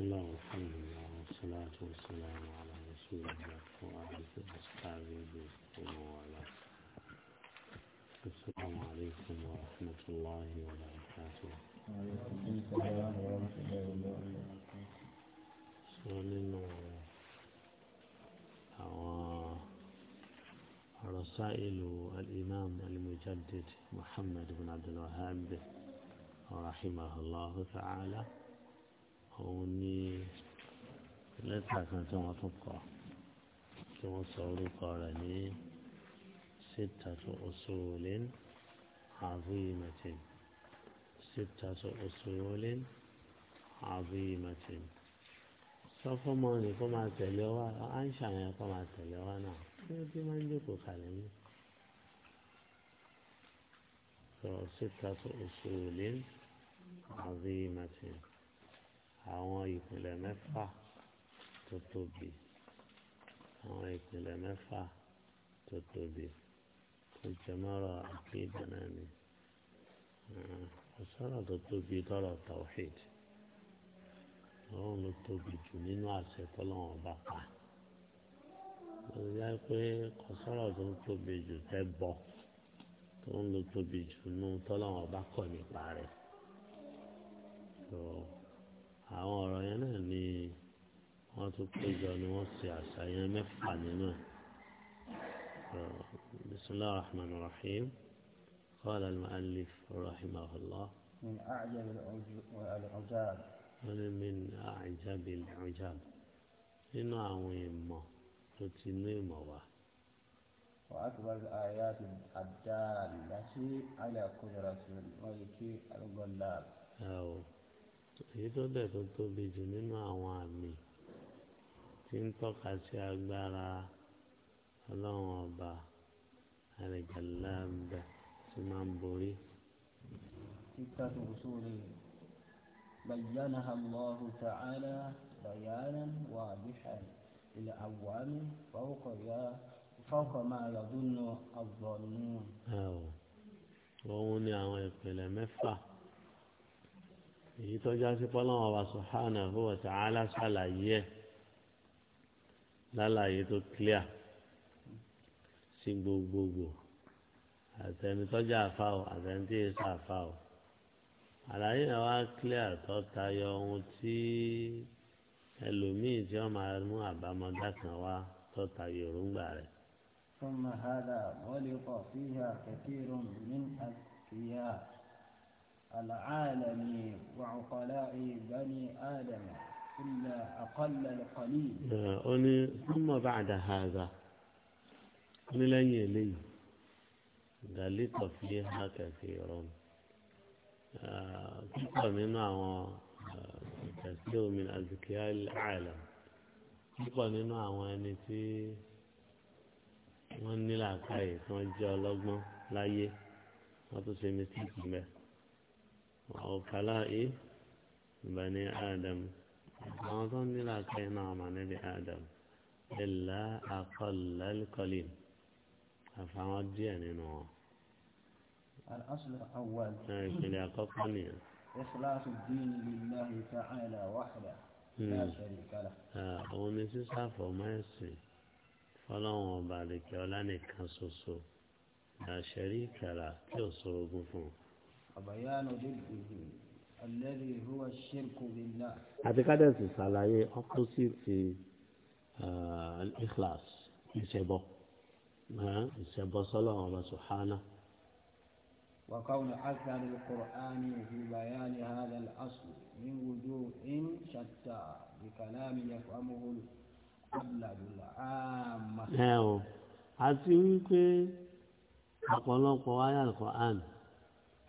بسم الله والحمد لله والصلاة والسلام على رسول الله وعلى أصحابه ومن السلام عليكم ورحمة الله وبركاته وعليكم السلام ورحمة الله وبركاته رسائل الإمام المجدد محمد بن عبد الوهاب رحمه الله تعالى òun ni lẹ́tà kan tí wọ́n tún kọ tí wọ́n sọ orúkọ rẹ̀ ní sittatu usulin azimatin sittatu usulin azimatin sọ fún ọmọ rẹ̀ kó máa tẹ̀lé wa á ń ṣàyẹn kó máa tẹ̀lé wa náà kí ló dé máa ń jókòó kalẹ̀ ní. sittatu usulin azimatin àwọn ìpìlẹ̀ mẹ́fà tó tóbi àwọn ìpìlẹ̀ mẹ́fà tó tóbi tó jẹmọ́rọ̀ àkéèdè náà ni ọ̀sọ́rọ̀ tó tóbi tọrọ tawhid ọ̀hún ló tóbi jù nínú àṣẹ tọ́lọ́wọ́n bá pa lọ́dọ̀ pé ọ̀sọ́rọ̀ tó tóbi jù tẹ́ bọ́ tó ń lo tóbi jù nínú tọ́lọ́wọ́n bá kọ̀ nípa rẹ̀ àwọn ọ̀rọ̀ yẹn náà ni wọ́n tún péjọ ni wọ́n ṣe àṣàyàn mẹ́fà nínú ẹ̀ bisimilahi rahman rahim qala al-mu'allif rahimahullah. من أعجب العجاب. أنا من أعجب العجاب. إنه عوين ما تتنين ما واحد. وأكبر الآيات الدالة على قدرة الملك الغلاب. أو èyí tó dẹ̀ tó tóbi jù nínú àwọn àmì tí ń tọ́ka sí agbára ọlọ́run ọba àrègbàláàbà tí máa ń borí. صفة وصوله بينها الله تعالى بيانا واضحا للعوام فوق يا فوق ما يظن الظنون. òun ni àwọn ìpìlẹ̀ mẹ́fà èyí tó já sí pọ́lọ́wọ́n wa subhanahu wa ta'ala ṣàlàyé ẹ̀ lálàyé tó clear sí gbogbogbò àtẹni tọ́jà àfa o àtẹni tí èsà àfa o àlàyé náà wá clear tó tayọ ohun tí ẹlòmíì tí wọ́n máa mú àbámọ́dá kan wá tó tayọ òrùngbà rẹ̀. ثم هذا غلط فيها كثير من أذكياء العالمين وعقلاء بني آدم إلا أقل القليل أني ثم بعد هذا أني لن يلي غلط فيها كثيرا كثيرا منها كثير من أذكياء العالم púpọ̀ nínú àwọn ẹni tí wọ́n ní làákàyè tí wọ́n jẹ́ ọlọ́gbọ́n láyé wọ́n tún ṣe mistake mẹ́ẹ̀. أو فلاء بني آدم أظن لا كان مع نبي آدم إلا أقل القليل أفعاد جاني نوع الأصل الأول إخلاص الدين لله تعالى وحده لا شريك له أونسي صافو ما يسي فلان وبالك ولا نكاسوسو لا شريك له كيو سوغو وبيان جده الذي هو الشرك بالله هذا كده سالعي opposite في الإخلاص ìṣẹ̀bọ ìṣẹ̀bọ sọ́lọ́run ọba sùhánà. وكون أكثر القرآن في بيان هذا الأصل من وجوه شتى بكلام يفهمه الأبلد العامة. àti wípé ọ̀pọ̀lọpọ̀ ayé àlùkò àná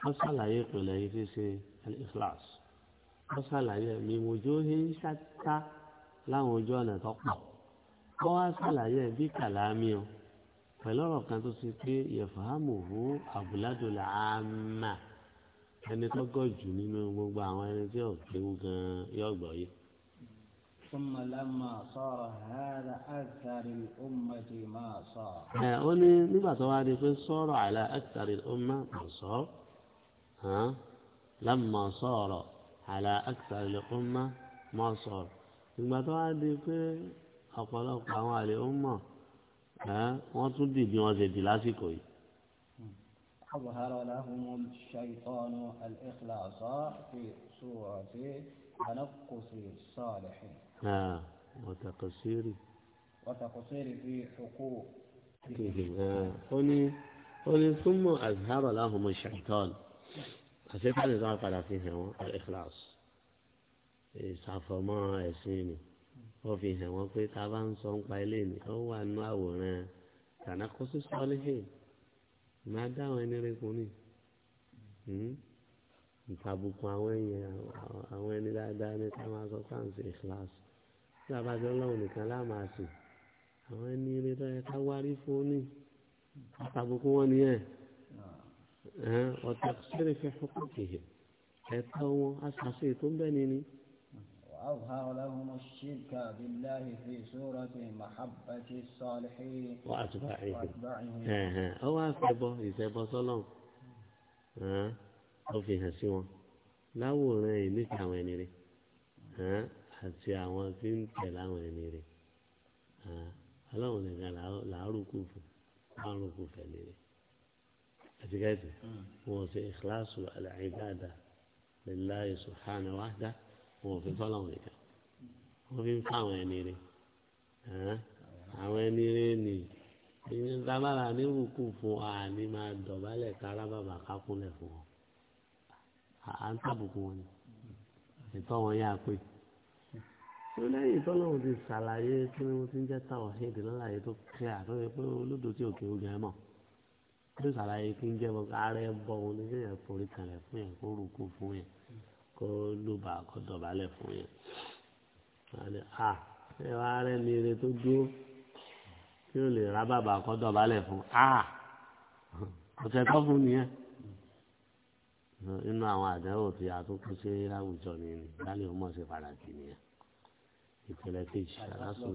wọ́n ṣàlàyé ìpìlẹ̀ yìí ti ṣe al-ikhlas wọ́n ṣàlàyé mi mojú ṣe ń ṣàtà láwọn ojú ọ̀nà tó pọ̀ wọ́n wá ṣàlàyé bí kàlámì o pẹ̀lú ọ̀rọ̀ kan tó ṣe pé yẹ̀fọ́hámù fún àbùládùlà àmà ẹni tó gọ̀ jù nínú gbogbo àwọn ẹni tí ò kéwu gan-an yóò gbọ́ yìí. ثم لما صار هذا أكثر الأمة ما صار. ó ní nígbà tó wá di pé sọ̀rọ̀ على أكثر الأمة ما صار. ها لما صار على أكثر الأمة ما صار ìgbà تعدي في di pé امه ها ما تدي دي ẹ́ دي لاسي كوي أظهر لهم الشيطان الإخلاص في صورة تنقص الصالحين. ها وتقصير. وتقصير في حقوق هوني هوني ثم أظهر لهم الشيطان. àṣekáàdì náà padà fi hàn wọ́n al-ikhlas ìṣàfọ̀mọ́ ẹ̀sìn ni wọ́n fi hàn wọ́n pé tá a bá ń sọ ń pa ilé ni ó wà nú àwòrán tànàkóso sọ́ọ́lẹ́hìn máa dá àwọn ẹni rẹ̀ kún ni ìtàbùkù àwọn èèyàn àwọn ẹni dáadáa ní ká máa sọ fáǹsì ìkíláàsì tí abájọ ọlọ́run nìkan láàmà àwọn ẹni rẹ tó ká wárí fún ní ìtàbùkù wọn nìyẹn وتقصير في حقوقهم حتى أسعصي تنبنيني وأظهر لهم الشرك بالله في سورة محبة الصالحين وأتباعهم وأتباعهم أو أفبا إذا بصلهم أو فيها سوى لا ولا نكا وينيري àti àwọn tí ń tẹ̀lé àwọn ẹni rẹ̀ ọlọ́run nìkan làárùkù fún làárùkù fẹ̀lẹ̀ rẹ̀ àtìkẹ́tì wọn ò ṣe ìkíláàsù àlàyébáàdà lẹ́láyé sùhánà wáhdà wọn ò fi fọ́lọ́wọn nìkan wọn fi ń fa àwọn ẹni rẹ àwọn ẹni rẹ ni èyí ń dábàrà ní rúkú fún wa ní máa dọ̀bálẹ̀ kára bàbà kákúnlẹ̀ fún wọn à ń tàbùkù wọn ni ìtọ́ wọn yá pé tó lẹ́yìn ìtọ́lọ́hún ti ṣàlàyé kí ni mo ti ń jẹ́ táwọn ṣéèdì lọ́la yìí tó kíá tó yẹ pé olódò tí òkè ogun ẹ̀ mọ̀ ó ṣàlàyé kí n jẹ́ bọ́ ààrẹ bọ́ òun ní sẹ́yìn forí kalẹ̀ fún yẹn kó rúkú fún yẹn kó lùbà kó dọ̀bálẹ̀ fún yẹn. à ṣé wàá rẹ ní ire tó dúró kí o lè ra bàbà kó dọ̀bálẹ̀ fún à ọ̀sẹ̀ tó fún nìyẹn. inú àwọn àdánwò tí a tó kú sí láwùjọ ni dálé ọmọ ṣe pàtàkì nìyẹn ìpínlẹ̀ kejì aláṣọ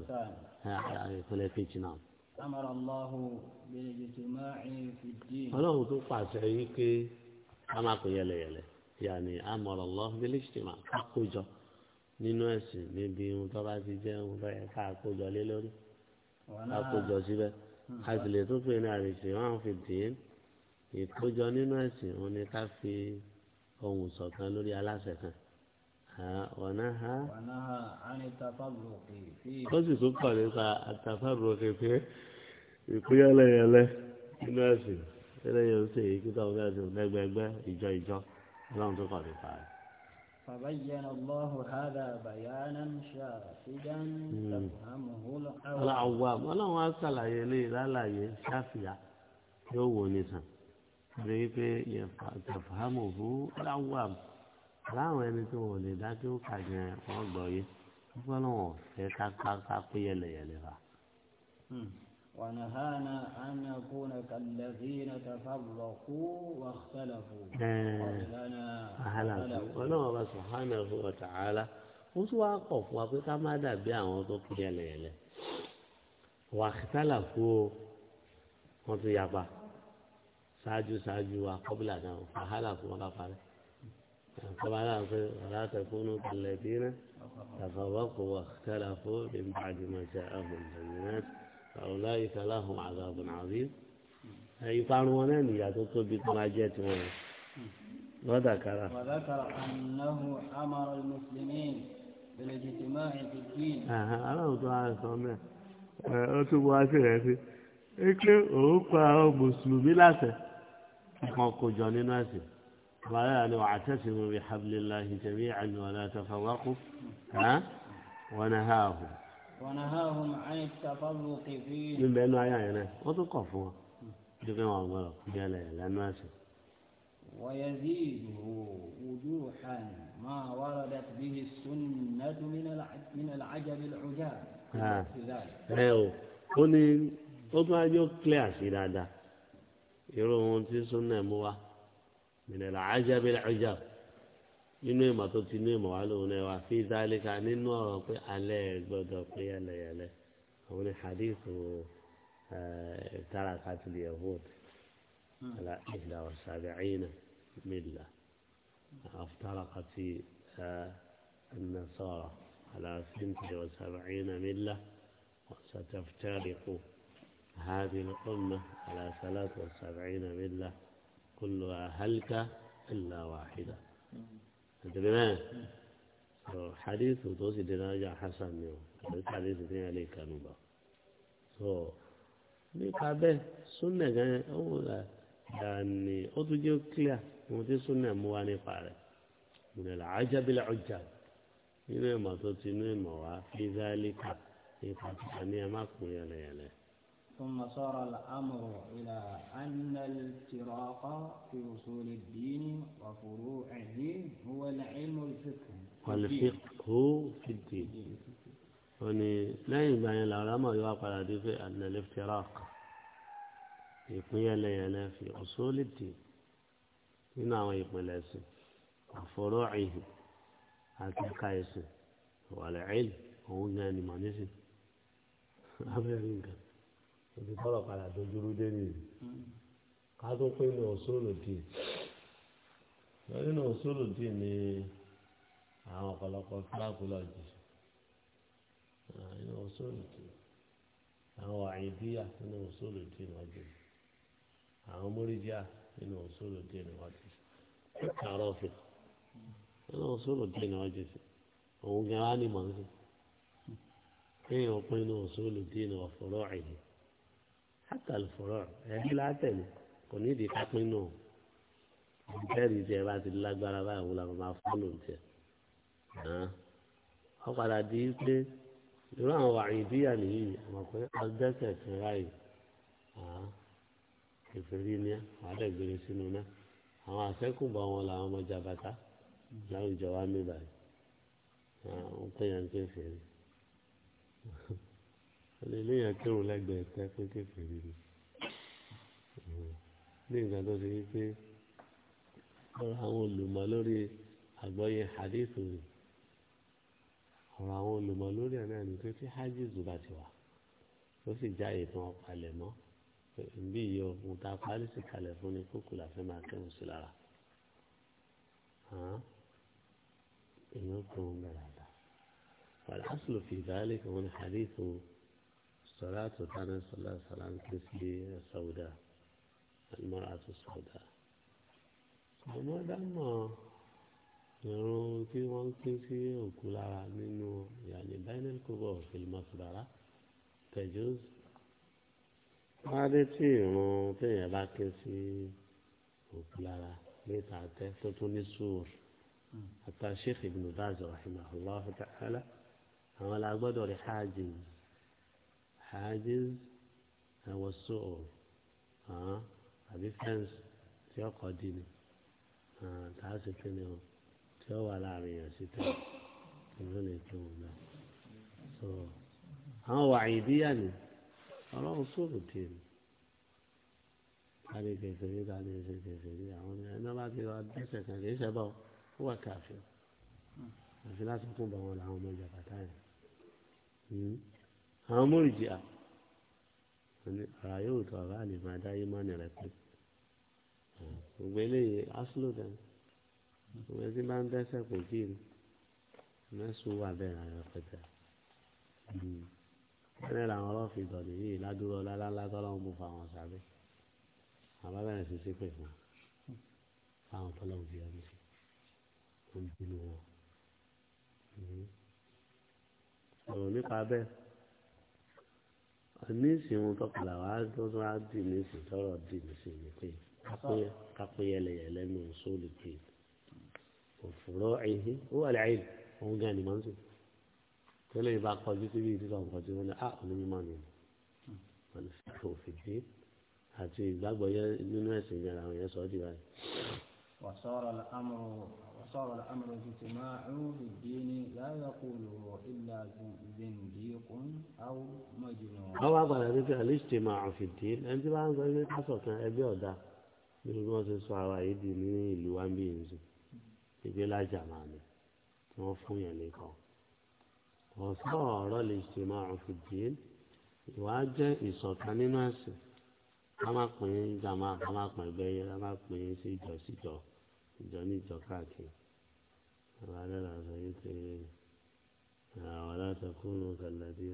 ìpínlẹ̀ kejì náà amara Allahu bil ijtima'i fi ddin. ọlọ́run tún pàṣẹ yìí pé a máa kó yẹlẹyẹlẹ yàní amara Allahu bil ijtima'i àkójọ nínú ẹ̀sìn níbi ohun tó bá ti jẹ́ ohun tó yẹ ká àkójọ lé lórí àkójọ síbẹ̀ hmm. a sì pè ní àrèsè wọn fi dìín ìkójọ nínú ẹ̀sìn òun ni ká fi ohun ṣọ̀kan lórí aláṣẹ kan. ونهى عن التفرق فيه قصي سوكا نيبا التفرق فيه يقول يلا يلا ناسي ilé yóò ṣe èyí kí táwọn bẹ́ẹ̀ ṣe lẹ́gbẹ̀ẹ́gbẹ́ ìjọ ìjọ ọlọ́run tó kọ̀ nípa rẹ̀. فبين الله هذا بيانا شافيا تفهمه العوام ọlọ́run á ṣàlàyé eléyìí lálàyé ṣáfìyà yóò wò nìkan rí i pé yẹn tafhamuhu العوام láwọn ẹni tí wọn ò lè dá kí ó kà yẹn wọn gbọ́ yé wọn náà wọn fẹ́ kákáká pé yẹlẹyẹlẹ rà. ونهانا أن نكون كالذين تفرقوا واختلفوا قال لنا ولما سبحانه وتعالى ó tún wá kọ̀ fún wa pé ká má dàbí àwọn tó kú yẹlẹyẹlẹ wàhítàlà fún o wọn tún yapa ṣáájú ṣáájú wa kọ́bílà náà wàhálà fún wọn ká parẹ́. طبعا لا تكونوا كالذين تفرقوا واختلفوا من بعد ما جاءهم البينات فأولئك لهم عذاب عظيم يطعنون أن يتطلب بكم جاتهم وذكر وذكر أنه أمر المسلمين بالاجتماع في الدين أها أنا أطلع أسمع أتبع أسمع ẹ pé òun pa àwọn mùsùlùmí láṣẹ ولا واعتصموا بحبل الله جميعا ولا تفرقوا ها ونهاهم ونهاهم عن التفرق فيه من بين عيانا وتقفوا جميعا الله يا لا لا ناس ويزيده وجوحا ما وردت به السنة من من العجب العجاب ها ايوه قولي قلت جو كلاس إلى هذا يروون في السنة مواه من العجب العجاب inú ìmọ̀ tó ti inú ìmọ̀ wá lóhun ẹ̀ wá fi dálíkà nínú ọ̀rọ̀ pé alẹ́ gbọ́dọ̀ pé yẹlẹyẹlẹ àwọn ní hadithu tarakatul yahud ala ihda wa sabi'ina milla aftaraqat النصارى على سنة وسبعين ملة وستفترق هذه الأمة على ثلاث وسبعين ملة كلها هلكة إلا واحدة أنت حديث وتوصي دناجة حسن يوم حديث دين عليه كانوا so nípa bẹ́ẹ̀ súnà gan ó wùdà dàní ó tún jẹ́ clear mo ti súnà mú wa nípa rẹ̀ ìrẹ̀lẹ̀ ajábílẹ̀ ọjà nínú ìmọ̀ tó ti inú ìmọ̀ wá fi zálíkà nípa títa ní ẹ má kún yẹlẹyẹlẹ. ثم صار الأمر إلى أن الافتراق في أصول الدين وفروعه هو العلم الفقه والفقه في الدين يعني لا يبين العلماء يوافق على أن الافتراق يقني لنا في أصول الدين هنا ويقبل أسن وفروعه حقيقة أسن هو العلم هو يعني ما نسن أبدا òbí kọ́rọ̀ padà dojúrú dé nìyí ká tó pé ní òṣòlù díì nínú òṣòlù díì ni àwọn ọ̀pọ̀lọpọ̀ fúláàkù lọ jù nínú òṣòlù díì àwọn àìdíyà nínú òṣòlù díì wọ́n jù àwọn mórídíà nínú òṣòlù díì ni wọ́n jù kàrọ̀ fi nínú òṣòlù díì ni wọ́n sí òun gan-an ni kéèyàn pinnu òṣòlù díì ni wọ́n àtàlùfọ̀rọ̀ ẹ̀mí látẹ̀lé kò ní ìdí kápín náà ìbẹ́rì tiẹ̀ bá ti lágbára báyìí la máa fọ́lọ̀ tiẹ̀ wọ́n padà di pé irú àwọn wàyí bíyà nìyí mọ̀ pé ọgbẹ́sẹ̀ ti ráyè ìfèrí ni wàá dẹ̀ gbére sínú náà àwọn àṣẹ́kùbọ̀ wọn làwọn ọmọ jàbàtà láwùjọ wa mí báyìí wọ́n pè yàn ń pè fèrè ẹni léèyàn kírun lẹ́gbẹ̀ẹ́ tẹ́ pé kékeré ni ní ìgbà tó ṣe wípé ọ̀rọ̀ àwọn olùmọ̀ lórí àgbọ́yé hadith rẹ̀ ọ̀rọ̀ àwọn olùmọ̀ lórí ẹ̀ náà ni pé tí hajj zuba ti wà ó sì já ìtàn ọ̀palẹ̀ mọ́ bí iye ọ̀gbun tá a parí sí kalẹ̀ fún ni kókò la fẹ́ máa kẹ́hùn sí lára èèyàn kò ń gbàdàdà wàlásùlù fìdálẹ́ kan ní hadith rẹ̀. الصلاة وكان صلى الله عليه وسلم كسل سوداء المرأة السوداء دام لما يروكي في وكلها منه يعني بين الكبور في المقبرة تجوز عادتي وانتي يباكسي وكلها ليس تتوني سور حتى الشيخ ابن باز رحمه الله تعالى هو العبد لحاجز hajiz àwọn sóò àbí fẹ́ǹsì tí ọkọ̀ dì ní uh, tá a sì kí ni o tí ó wà láàrin yẹn síta ìlú lè tó wọn náà so àwọn wà ìdíyà ni ọlọ́run sóòrò dì ní káni kẹsìrì káni kẹsìrì àwọn ẹni ọba ti wá dẹ́sẹ̀ kan kì í ṣe bọ́ ó wà káfíà àfi láti kún bọ̀ wọn làwọn ọmọ ìjàpá táyà àwọn mọ̀rìjìá ara yóò tọ́ ọ̀rá lè máa dá yémánì rẹ pé gbogbo eléyìí asúlò dẹ gbogbo ẹtí bá ń dẹ́sẹ̀ kò kí ni mẹ́sùn wà bẹ́ẹ̀ rárá pẹ̀tẹ́ ẹni làwọn ọlọ́ọ̀fì ìdọ̀dì yìí ládùúrọ̀ lálálá tọ́lọ́hún mú fa wọn sábẹ́ àbá bẹ̀rẹ̀ sí sí pè fún fáwọn tọ́lọ́hún fi ọdún sí ó ń bínú ọ̀rọ̀ nípa bẹ́ẹ̀ nísìnyí wọn tó padà wá tó tó wá dì nísìnyí tọrọ dì nísìnyí pé kápẹ́yẹlẹyẹlẹ ní sóòlù pé òfurọ́ ẹ̀hín ó wà láàyè òun gan ni màá sè tẹ́lẹ̀ yìí bá kọjú síbi ìdílé ọ̀hún kọjú wọn ni a ah, òní mímọ́ ni wọn ni fífò fìdí àti ìgbàgbọ́ yẹn nínú ẹ̀sìn yẹn làwọn yẹn sọ ọ́ dì báyìí. وصار الأمر وصار الأمر اجتماع للدين لا يقوله إلا زنديق أو مجنون. أو أقول لك الاجتماع في الدين أنت بقى عندك حصلت أبي ودا nínú bí wọ́n ti sọ ara yìí di ní ìlú wa bí n sìn ìgbé lájà máa ní tí wọ́n fún yẹn nìkan. ọ̀sán ọ̀rọ̀ lè ṣe máa fi dìé ìwà jẹ́ ìṣọ̀kan nínú ẹ̀sìn ká má pín in jàmá ká má pín ẹgbẹ́ yẹn ká má pín in sí ìjọ síjọ ìjọ níjọ káàkiri àwọn adẹ́rẹ́ àṣọ yìí ti àwọn alátẹ̀kùnú kàlẹ́dì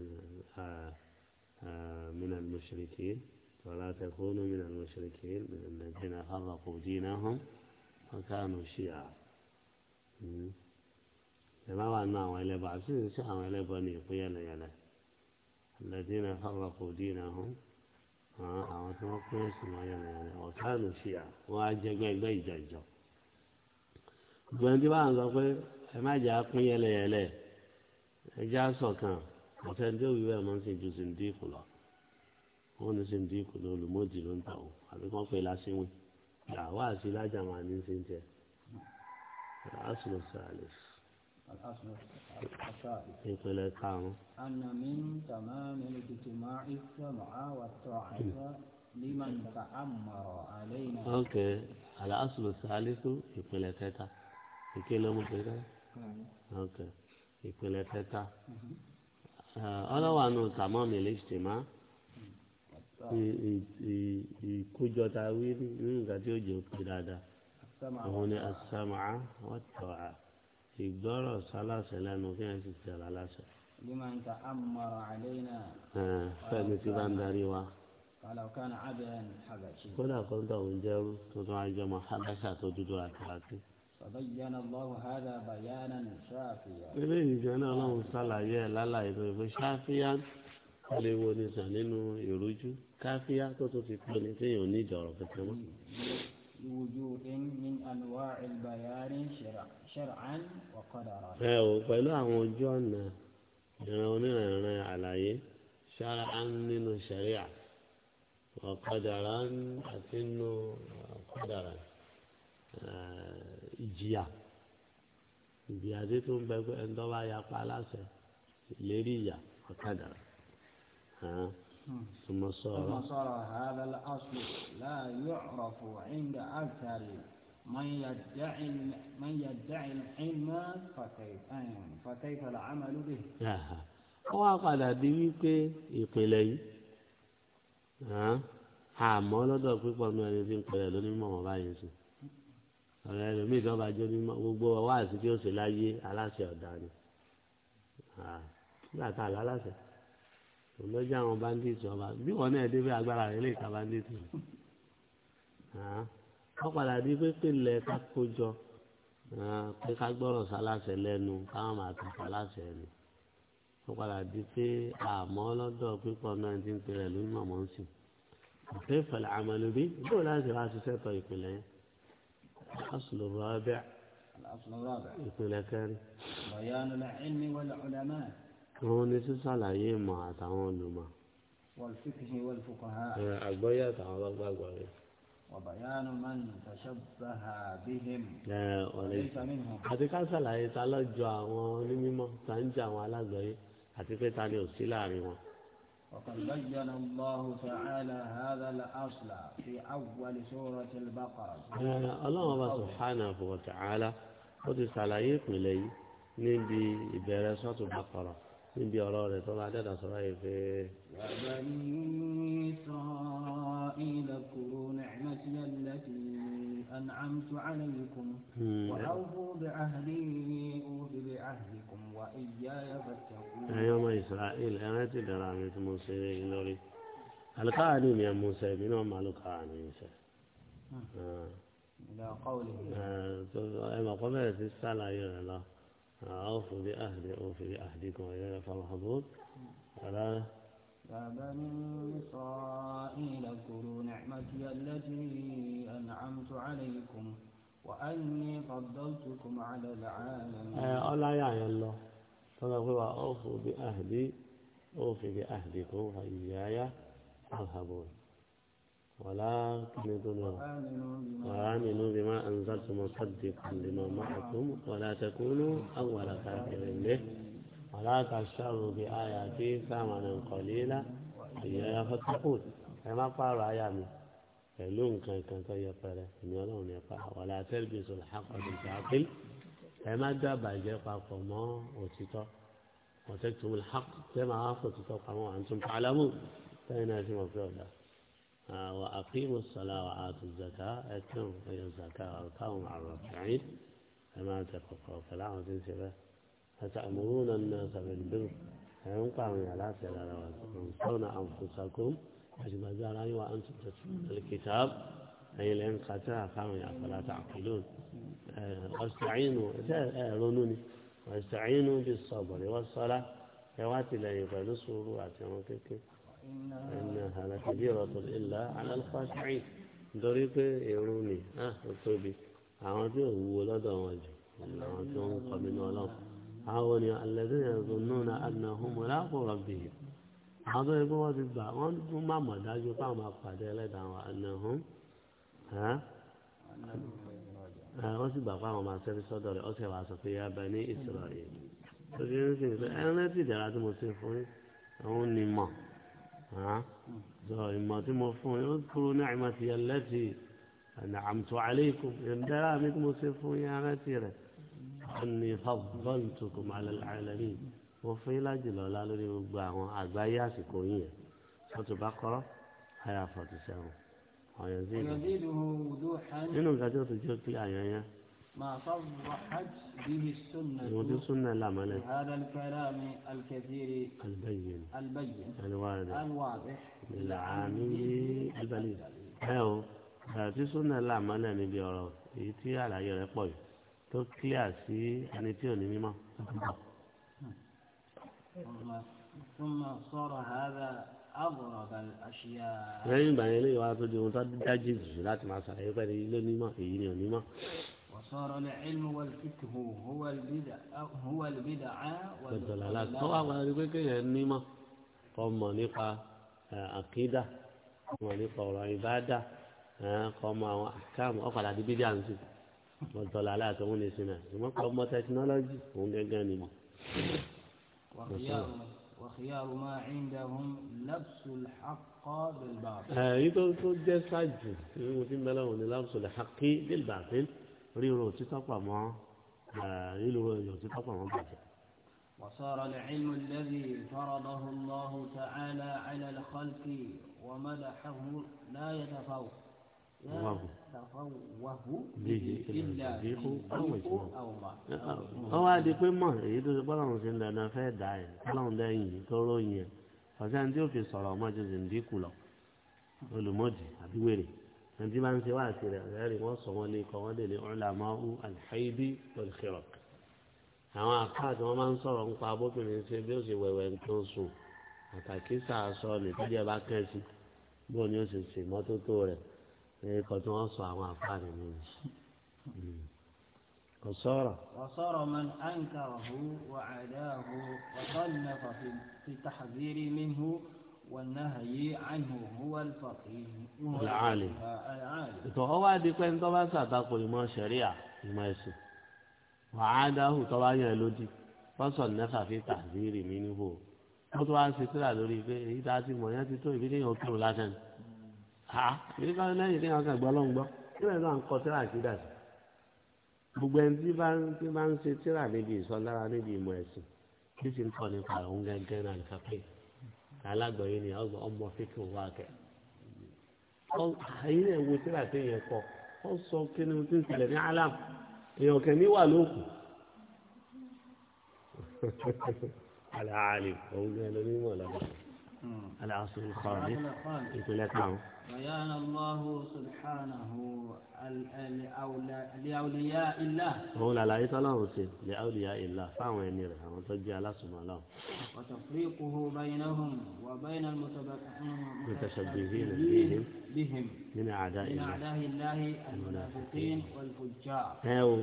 من المشركين ولا تكونوا من المشركين من الذين فرقوا دينهم وكانوا شيعا لما وأن àwọn ẹlẹ́bọ àti sísí àwọn ẹlẹ́bọ ní ìpínyẹlẹyẹlẹ الذين فرقوا دينهم àwọn tí wọ́n pín ẹ̀sìn wọn yẹn wọ̀nyẹn ọ̀sánù ṣìyà wọ́n á jẹ́gbẹ́ ẹgbẹ́ ìjọ ìjọ. gbẹ̀ndí báwọn sọ pé ẹ má jẹ́ apín yẹlẹyẹlẹ ẹ àṣọkan ọ̀sẹ̀ tí ó máa ń sìn ju sìndíìkù lọ. wọ́n ní sìndíìkù ní olùmọ́dì ló ń tà ó àbí wọ́n pè lásìwìn. yàwá àti lájà máa ní sìn tiẹ̀. àṣùlọ̀ sàlẹ̀ sí. الأصل الثالث أن من تمام الاجتماع السمع والطاعة لمن علينا أوكي الأصل الثالث أوكي ìkójọ ta wí ìgbọ́rọ̀ sálàsẹ̀ lẹ́nu kí wọ́n sì tẹ̀lé aláṣẹ. liman ta'ammara alayna. fẹ́mi tí bá ń darí wa. kódà kó ń tọ̀hún jẹ́rú tuntun àjọ mọ́ habasha tó dúdú àtàkì. eléyìí jẹ́ náà ọlọ́run sàlàyé ẹ̀ lálàyé tó ìfẹ́ ṣáfíà lè wo ni sàn nínú ìrújú káfíà tó tó fi pé ní téèyàn ní ìjọ̀rọ̀ kẹtẹ mọ́. ìwòjú ẹni ní ànúwà ìgbà yàrá ń ṣẹ̀rà shar'an wa qadaran. ẹ ò pẹ̀lú àwọn ojú ọ̀nà ìran oníranran àlàyé shar'an nínú ṣẹ̀ríà wa qadaran àti nínú qadaran ìjìyà ìjìyà tí tó ń bẹ pé ẹni tó bá yapa aláṣẹ ìlérí ìyà wa qadaran. ثم صار ثم صار هذا الأصل لا يعرف عند أكثر من يدعي العلم فكيف العمل به wọ́n á padà di wípé ìpìlẹ̀ yìí àmọ́ lọ́dọ̀ pípọ̀ mi ẹni tí ń pẹ̀lẹ̀ lónìí mọ̀ wọ́n báyìí sí ọ̀rẹ́ ẹlòmíì tó bá jó mímọ́ gbogbo ọwọ́ àti tí ó sì láyé aláṣẹ ọ̀dà ni nígbà tá a lọ aláṣẹ òǹdọ́jà àwọn bandits ọba bí wọn náà débẹ̀ agbára rẹ̀ lè ka bandits wọ́n padà di pépè lẹ̀ ká kójọ pé ká gbọ́rọ̀ sálàsẹ̀ lẹ́nu káwọn máa tún sálàsẹ̀ ni wọ́n padà di pé àmọ́ lọ́dọ̀ pípọ̀ náà ti ń pèrè lórí mọ̀mọ́ ń sìn òfin ìfẹ̀lẹ̀ àmàlùbí bóyá láti wá ṣiṣẹ́ tọ ìpìlẹ̀ yẹn asùlù rọ́bẹ̀ ìpìlẹ̀ kẹrin. àwọn ní sísàlàyé ìmọ̀ àtàwọn olùmọ̀ àgbọ́yé àtàwọn ọlọ́gbàgbọ́ rẹ̀. وبيان من تشبه بهم وليس منهم àti ká ṣàlàyé ta ló jọ àwọn onímọ̀ tá ń jẹ́ àwọn alágbọ̀ọ́yé àti pé ta ni ò sí láàrin wọn. وقد بين الله تعالى هذا الأصل في أول سورة البقرة. الله سبحانه وتعالى ó ti ṣàlàyé ìpìlẹ̀ yìí níbi ìbẹ̀rẹ̀ sọ́ọ̀tù Baqara níbi ọ̀rọ̀ rẹ̀ tó bá dẹ́dà sọ́ra yìí pé. wàá bá mi sọ. إسرائيل اذكروا نعمتي التي أنعمت عليكم وأوفوا بعهدي أوف بعهدكم وإياي فاتقون يوم إسرائيل أنا تدرى موسى يقولي القانون يا موسى بن على القانون موسى إلى قوله آه، أما قبلت السالة الله آه، أوفوا بأهدي أوف بأهدكم وإياي فارهبون فلا يا بني إسرائيل اذكروا نعمتي التي أنعمت عليكم وأني فضلتكم على العالمين ألا يا الله فنقول أوفوا بأهدي أوفي بأهدكم فإياي فارهبون ولا تقلدوا وآمنوا بما أنزلت مصدقا لما معكم ولا تكونوا أول كافر به ولا تشتروا بآياتي ثمنا قليلا إياي فاتقون كما قال آيامي يلون كان كان كان يقرأ يلون يقرأ ولا تلبسوا الحق بالباطل كما جاب جاء قوما وتيتا وتكتموا الحق كما عرفت قوما وأنتم تعلمون فإن في مفعول وأقيموا الصلاة وآتوا الزكاة أتم الزكاة واركعوا مع الراكعين كما تقول فلا عزيز به أتأمرون الناس بالبر هم من علاقة الأرواح تنسون أنفسكم أجمع داري وأنتم تتلون الكتاب أي لأن قتاها قاموا فلا تعقلون واستعينوا رنوني واستعينوا بالصبر والصلاة فوات لا يفلسوا واتهم كيكي إنها لكبيرة إلا على الخاشعين دريق يروني أه الطبي أعطيه هو لدى وجه أعطيه قبل ولو àwọn ni alẹ́dẹ́ ẹ̀rùn náà àná ọmọ lápòrọ̀ bìí àwọn tó yẹ pé wọ́n ti gbà wọ́n tún má mọ̀ dájú pé àwọn máa pàdé ẹlẹ́dàá wọn àná ọ̀hún wọ́n sì gbà pé àwọn máa sẹ́rí sọ́dọ̀ rẹ̀ ọ̀sẹ̀ wàá sọ pé yá bẹ ní Ísírẹ́lì tó fi ń sìn pé ẹran ti dára tí mo ti fún yín òun ni mọ̀ sọ ìmọ̀ tí mo fún yín ó kúrò ní àìmọ̀ ti yẹ lẹ́tì àmì tó àlékún ìdára mi tí mo ṣe fún yín ẹran ti rẹ̀. أني فضلتكم على العالمين وفي لاجل ولا لوري بغاهم أغبايا سكوين سورة بقرة آية 47 ويزيده وضوحا إنه قادر تجيب في آية ما صرحت به السنة ودي السنة لا ملك هذا الكلام الكثير البين البين الواضح الواضح للعامي البليغ أيوه هذه السنة لا ملك نبي أراه يتي على يرقوي tó kílíà sí ẹni tí ò ní mímọ́. lẹ́yìn ìgbà yẹn lóye wá tó di ohun tó dájú jù láti máa pẹ̀lú ilé mímọ́ èyí ni ò pé kéèyàn mọ̀ nípa àkídà mọ̀ nípa ọ̀rọ̀ àwọn àkàmù ń sìn. wọ́n tọ́lá aláàtọ̀ wọn lè sin náà ṣùgbọ́n kọ́ ọmọ tẹkinọ́lọ́jì òun gẹ́gẹ́ ni mọ̀. èyí tó tó jẹ́ ṣáàjù tí mo ti ń bẹ́lẹ̀ wọn ni lábùsùn lè hakí bílbà pé ríro títọ́ pọ̀ mọ́ ríro èèyàn títọ́ pọ̀ mọ́ bàjẹ́. وصار العلم الذي فرضه الله تعالى على الخلق ومدحه لا يتفوق Ah, ah, wọ́n wá di pé mọ̀ èyí tó ṣe bọ́láwọn ṣe ń dandan fẹ́ dà ẹ̀ bọ́láwọn lẹ́yìn yìí tó ròyìn ẹ̀ ọ̀sẹ̀ ní tí ó fi sọ̀rọ̀ ọmọ jẹjẹ ń dínkù lọ olùmọ̀dì àbí wèrè ẹni tí máa ń ṣe wá àti rẹ̀ rẹ́rìn wọ́n sọ wọn lé kọ́ wọ́n lè lè ọ̀làmáwù alhaidi olùkẹ́rọ̀ àwọn àkáàtì wọn máa ń sọ̀rọ̀ nípa abóbìnrin ṣe bí ó ṣe wẹ̀wẹ̀ nǹkan sùn àtàkì sàásọ nìtọ́jú ẹ bá kẹ́sì bóun ni ó ṣe ṣèmọ́tótó rẹ̀ ẹ̀kọ́ tí wọ́n sọ àwọn àfáàní mi ni. وصار وصار من أنكره وعداه وصنف في التحذير منه والنهي عنه هو الفقيه العالم العالم هو هذه كان طبعا ساتقول ما شريعة ما يسوع وعاده طبعا يلودي وصنف في التحذير منه وطبعا سترى لوري إذا تي ما يتي تو يبيني أوكي ولا تاني èyí kan lẹ́yìn tí wọn kàn gbọ́ gbọ́ síbẹ̀ náà ń kọ tíra àkídà sí gbogbo ẹni tí bá ń ṣe tíra níbi ìsọlára níbi ìmọ̀ ẹ̀sìn tí sì ń kọ́ nípa òun gẹ́gẹ́ náà nǹkan pé alágbọ̀nyé ni ọmọ wà kẹ́ wo tíra tí yẹn kọ́ ọ sọ kí ni mo ti ń ní alam èèyàn kẹ́ wà òun gẹ́gẹ́ lọ́wọ́ hmm. ìpínlẹ̀ بيان الله سبحانه لأولياء الله هو لا لا الله لأولياء الله فهو ينير هو تجي على سبحانه الله وتفريقه بينهم وبين المتشبهين بهم بهم من أعداء الله من أعداء الله المنافقين والفجار هو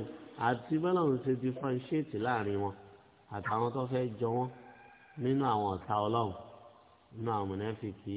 àti bọ́lá ń ṣe differentiate láàrin wọn àtàwọn tó fẹ́ jọ wọn nínú àwọn ọ̀tá ọlọ́run nínú àwọn mọ̀nẹ́fìkì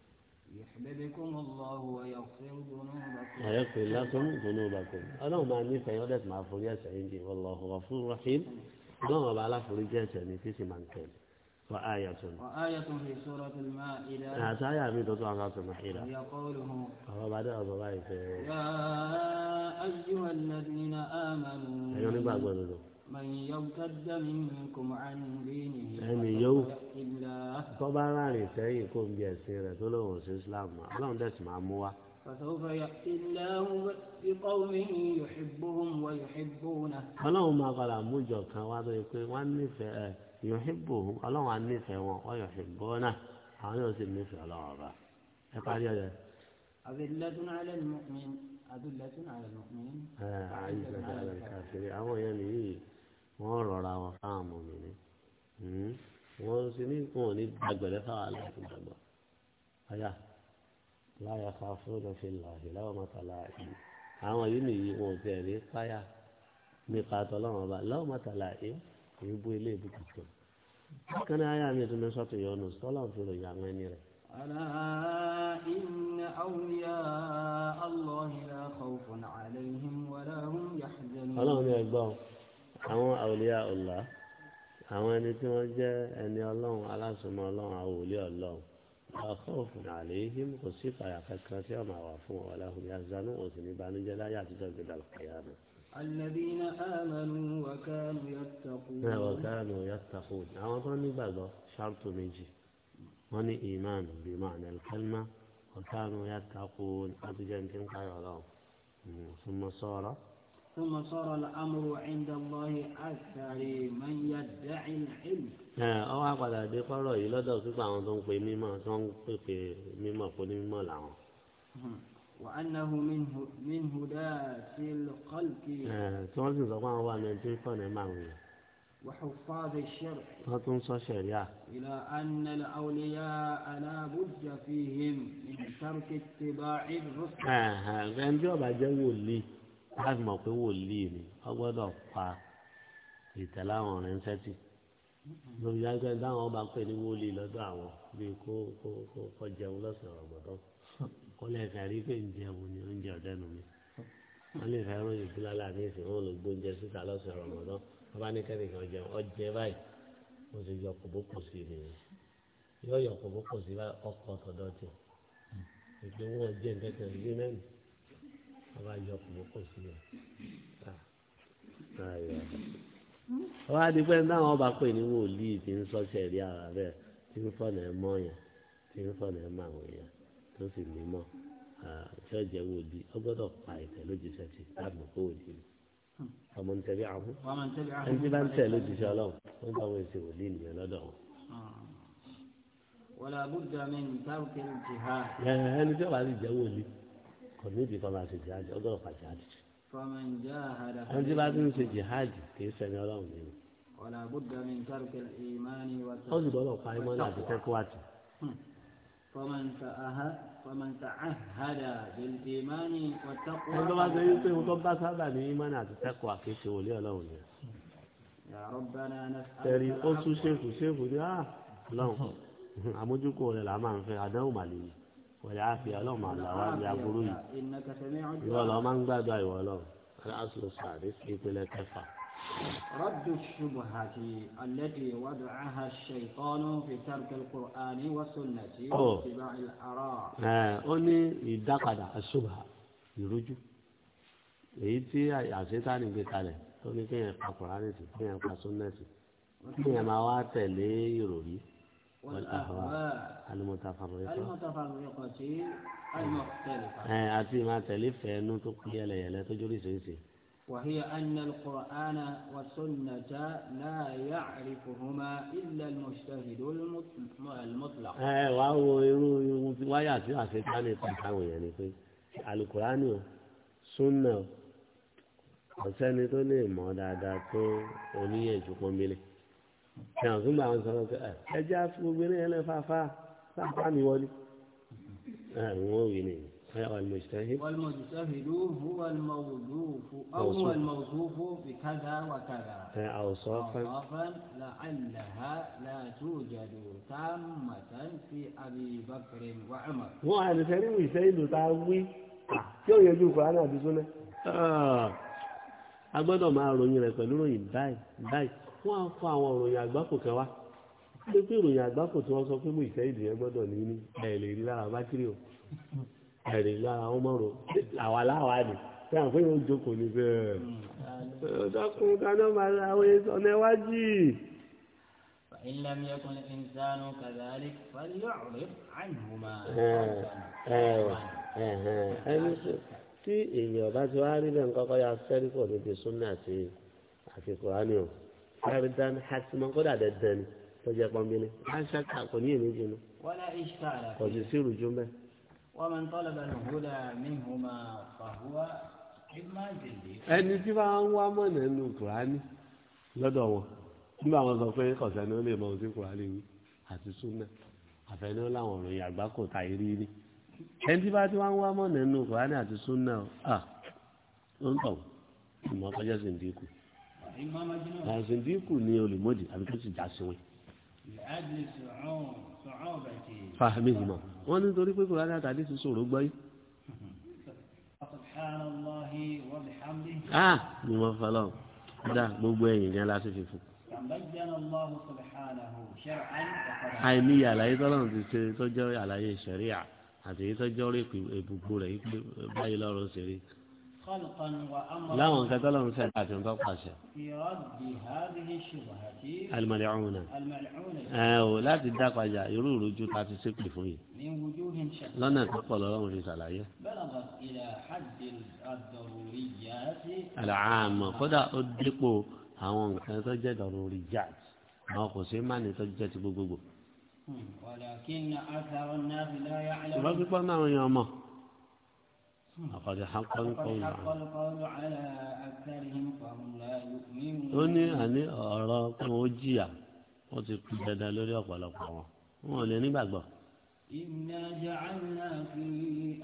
ويغفر لكم ذنوبكم ọlọ́run máa nífẹ̀ẹ́ yọ́n dẹ̀tí máa forí ẹ̀ṣẹ̀ yìí jìn wallahu ghafurur rahim ọlọ́run ọba aláforí jẹ́ ẹ̀ṣẹ̀ ní títí máa ń kẹ́lẹ̀ wà áyà tó ní. àti áyà mi tó tó àwọn aṣọ máa ìlà. ọ̀rọ̀ bá dé ọ̀rọ̀ báyìí fẹ́. ẹ̀yọ́ nígbàgbọ́ lọ́dọ̀ ẹnì yòówù tó bá rárìn sẹ́yìn kó ń bí ẹ̀sìn rẹ̀ tó lóun sí Islam ọlọ́run tẹ̀sí máa mú wa. ọlọ́run máa padà mú ìjọ kan wá tó yẹ pé wọ́n nífẹ̀ẹ́ ẹ̀ yòóhìbòhùn ọlọ́run á nífẹ̀ẹ́ wọn ọ yòóhìbòhùn náà àwọn yóò sì nífẹ̀ẹ́ ọlọ́run ọba ẹ parí ọ̀yẹ́. àbẹ̀lẹ́dún alẹ́ ni mo alẹ́ ni mo pin. ẹ àyíṣẹ́ alẹ́ àwọn yẹn nìyí wọ́n rọra wọn fáwọn ọmọ mi ni wọ́n sì ní wọn ò ní gbàgbẹ́rẹ́ fáwọn aláìsàn gbàgbọ́ ọ̀yà láyà ká fúnra fi là ìlàwọ̀ mọ́tàlá yìí àwọn yìí nìyí wọn ò tẹ̀ rí páyà nípa àtọ́lọ́wọ́n ọba láwọ̀ mọ́tàlá yìí èyí bú ilé ìbú tuntun bákan ayé àmì ìdúnmí sọ́tò yọ sọ́lá òfin ròyìn àwọn ẹni rẹ̀. ألا إن أولياء الله لا خوف عليهم ولا هم يحزنون àwọn àwòlíyà ọ̀la àwọn ẹni tí wọ́n jẹ́ ẹni ọlọ́run aláṣọmọ ọlọ́run àwòlí ọlọ́run àkọ́ọ̀fún àléhìm kò sí ìpàyà kankan tí ọmọ àwà fún ọ̀la ọ̀la zanú òsì ní ìbànújẹ́ láyé àtijọ́ ìgbéga lọ́kàyà mi. الذين آمنوا وكانوا يتقون وكانوا يتقون àwọn tó ní gbàgbọ́ ṣàrtù méjì wọ́n ní iman bí màánà kalma وكانوا يتقون àtijọ́ ìdí ń káyọ̀ ọlọ́run súnmọ́ ثم صار الأمر عند الله أكثر من يدعي العلم. ọwọ́ àpàdà dé kọ́rọ̀ yìí lọ́dọ̀ pípa àwọn tó ń pe mímọ́ tó ń pèpè mímọ́ fún mímọ́ làwọn. وأنه منه من هداة الخلق. tí wọ́n sì sọ fún àwọn ọmọ ẹni tí ń tọ̀ ní màá wù. وحفاظ الشرع. تاتون شريعة. إلى أن الأولياء لا بد فيهم من ترك اتباع الرسل. ẹ̀ẹ́n bí ọba jẹ́ wòlíì láti mọ̀ pé wòlíì ni wọ́n pa ìtẹ̀láwọn rẹ̀ ń sẹ́tì lórí yàgbẹ́ táwọn bá pè ní wòlíì lọ́dọ̀ àwọn bíi kó kó kó kó jẹun lọ́sàn-án ọ̀gbọ̀dọ̀ kó lè fẹ́ rí pé ń jẹun ni oúnjẹ ọ̀dẹ́nu mi wọ́n lè fẹ́ rán ìdúlá láàrin ìsìn wọn lè gbóúnjẹ síta lọ́sàn-án ọ̀gbọ̀dọ̀ wọ́n bá ní kẹ́nìkan jẹun ọjẹ́ báyìí mo sì yọ wọ́n bá yọ kòmókò sílẹ̀ ah, ah, wọ́n á di pé táwọn bá pè ní wòlíì tí ń sọ́sẹ̀ rí ara rẹ̀ tí ń fọ̀nà ẹ̀ mọ́yàn tí ń fọ̀nà ẹ̀ mọ àwọn èèyàn tó sì ní mọ́ ah, tí ó wòlíì ó gbọ́dọ̀ pa ìtẹ̀ lójúṣe ti láàbò kó wòlíì ni ọmọ ntẹ̀lé àwọn ẹni tí bá ń tẹ̀ lójúṣe ọlọ́run ó ń bá wọn ṣe wòlíì nìyẹn lọ́dọ̀ wọn. wàlá bùdà mi ń bá òkè ẹni tí ó bá jẹ́ wòlíì kò ní ìdí kan máa ṣe jihadi ó gbọ́dọ̀ pa jihadi jù. ẹni tí bá ti ń ṣe jihadi kì í ṣẹni ọlọ́run nínú. ó sì gbọ́dọ̀ pa imọ́ náà àti tẹ́kọ̀ àti. Hmm. ẹni tó bá ṣe wípé ohun tó bá sábà ní imọ́ náà àti tẹ́kọ̀ àkéṣe wòlé ọlọ́run nínú. tẹ̀rí ó tún ṣèkù ṣèkù ní àlọ́run ah, àmójúkò rẹ̀ là máa ń fẹ́ àdánwò màlẹ́yìn. wọlé àfihàn ọlọ́mọ àlàwà ní aburú lọ máa ń gbàdúrà ìwọ lọ aláṣọ sàdé sí رد الشبهة التي وضعها الشيطان في ترك القرآن والسنة واتباع الآراء. ó ní ìdápadà àṣùbà ìrújú èyí tí àṣetánì gbé kalẹ̀ tó ní kéèyàn pa kùránì والأهواء المتفرقة المتفرقة المختلفة أي أتي ما تلف أنه تقي لي لا تجري سيسي وهي أن القرآن والسنة لا يعرفهما إلا المجتهد المطلق أي واو ويا في أسيطاني تنحوي يعني في القرآن سنة ọ̀sẹ́ni tó lè mọ̀ dáadáa tó oníyẹ̀jú pọ́nbélé ní àwọn tó ń bá wọn sọ̀rọ̀ pé ẹjẹ́ á fún gbogbo náà ẹlẹ́ fáfá fáfá mi wọlé. àwọn wọn wí ni al-mujtahid. wal-mujtahidu huwa al-mawsufu aw al-mawsufu bi kadha wa kadha. awsafan la'allaha la tujadu tammatan fi Abi Bakr wa Umar. wọn àdìsẹ́ ní ìṣẹ́ ìlú tá a wí tí ó yẹjú kọ́ á náà bí a gbọ́dọ̀ máa ròyìn rẹ̀ pẹ̀lú ròyìn báyìí báyìí wọ́n á fọ àwọn òròyìn àgbákò kan wá pé ìròyìn àgbákò tí wọ́n sọ pé mú ìṣẹ́ ìdìyẹ gbọ́dọ̀ ní ní ẹ̀ lè rí o ẹ̀ lè rí àwa láwa ni pé àwọn èèyàn jókòó ní bẹ́ẹ̀. ọ̀dọ́kùn kaná máa ra àwọn èso níwájú. ẹni tí èèyàn bá ti wá rí bẹ́ẹ̀ nǹkan kọ́ ya sẹ́ríkò níbi súnmọ́ àti àfikún ánìyàn àrùdán hasimọ kódà dandan ni tọjá pọnbílẹ aṣáká kò ní èmi jìnnà kò sì sí ìrùjú mẹ. ẹni tí bá ń wá mọ̀nà nù kùránì lọ́dọ̀ wọn nígbà wọn sọ pé kọ̀sẹ́ ni ó lè mọ ohun tí kùránì wí àti súnà àfẹnú làwọn ọ̀rọ̀ yìí àgbà kò ta eré rí ẹni tí bá ti wá ń wá mọ̀nà nù kùránì àti súnà ó ń tọ̀ ìmọ̀ ọkọ̀ jẹ́sìn dínkù àìsèǹdínkù ni olùmọ̀dì àbí tó sì já sí wọn. fàmì ìmọ̀ wọ́n ní torí pé kòránì àtàdé ti sọ̀rọ̀ gbọ́ yìí. ah ni wọ́n fọlọ́ dá gbogbo ẹ̀yìn ní aláṣẹ fífún. àìníyà àlàyé tọ́lọ́run ti ṣe tọ́jọ́ àlàyé ṣẹ̀ríà àti èyí tọ́jọ́ rẹ̀ èbùkù rẹ̀ báyìí lọ́rọ̀ ṣẹ̀ríà láwọn nǹkan tọ́lọ́ ń fẹ́ àti nǹkan pàṣẹ. alimali'una ẹ o láti dá padà irú ìrújú ta ti ṣépè fún yìí lọ́nà tó pọ̀ lọ́wọ́ fi ṣàlàyé. àlàámọ̀ kódà ó dípò àwọn nǹkan tó jẹ́ dọ̀rọ̀ rí jáde àwọn kò sí mánì tó jẹ́ ti gbogbogbò. ṣùgbọ́n pípọ́n náà ń yan ọmọ àkọ́jà akọ́ ń kọ́ ọ̀nà. ó ní àní ọ̀rọ̀ pé ó jìyà ó ti kú dandan lórí ọ̀pọ̀lọpọ̀ wọn wọn ò lè nígbàgbọ́. إنا جعلنا في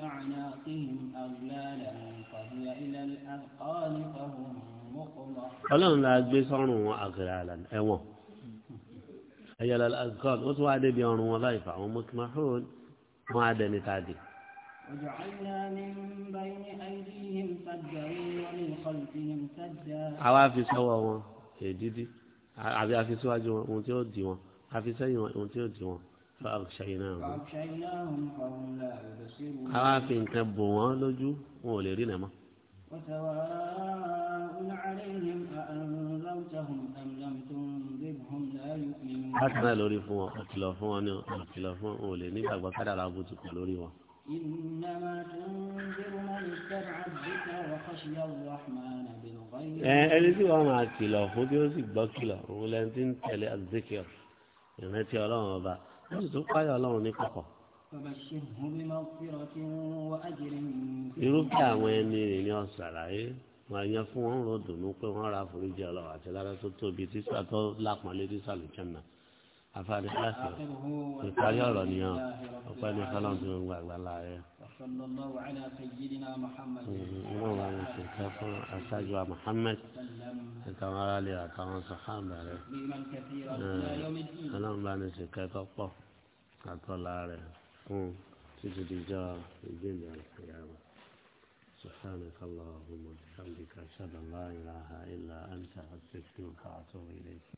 أعناقهم أغلالا فهي إلى الأذقان فهم مقمحون. ọlọ́run la gbé sọ́run wọn àgàlà ẹ̀wọ̀n ẹ̀yẹ̀lẹ̀ àgàlà ó tún wá débi ọrùn wọn láì fà wọn mọ́kìmáhóòn wọn á dẹni tá a dì. وجعلنا من بين أيديهم سدا ومن خلفهم سدا àwa fi sọ́wọ́ wọn èdìdí àbí a fi síwájú wọn ohun tí ó dì wọn a fi sẹ́yìn wọn ohun tí ó dì wọn fa aghshaynahum. àwa fi nǹkan bò wọ́n lójú wọn ò lè rí nàmọ́. وسواء عليهم لا يؤمنون. láti náà lórí fún wọn ọ̀kìlọ̀ fún wọn ni ọ̀kìlọ̀ fún wọn ò lè nígbàgbọ́ kádàrá abútukù lórí wọn ẹni tí wọ́n máa kìlọ̀ fún tí ó sì gbọ́ kìlọ̀ òun lẹni tí ń tẹ̀lé azikir ìrántí ọlọ́run ọba ó sì tún páyọ̀ ọlọ́run ní kọ̀kọ̀. irúfẹ́ àwọn ẹni rè ni ọ̀sàlàyé wọn yẹn fún wọn rò dùnú pé wọ́n ra àforíjì ọlọ́run àti lára tó tóbi tí sàtọ́ lápọ̀nlé tí sàlùjẹ́ náà afáàdé káàsì ìparí ọ̀rọ̀ nìyẹn ọ̀pẹ́ ní fọlọ́n tó ń gbàgbà láàyè. ìwọ́n wa ni kẹ̀kẹ́ fún aṣáájú wa Muhammad àtàwọn aráàlú àtàwọn sàhábà rẹ̀ ọlọ́run bá ní kẹ̀kẹ́ tó pọ̀ àtọ́lá rẹ̀ fún títí dìjọ́ ìgbéǹde àlùfáàyàwó. سبحانك اللهم وبحمدك أشهد أن لا إله إلا أنت أستغفرك وأتوب إليك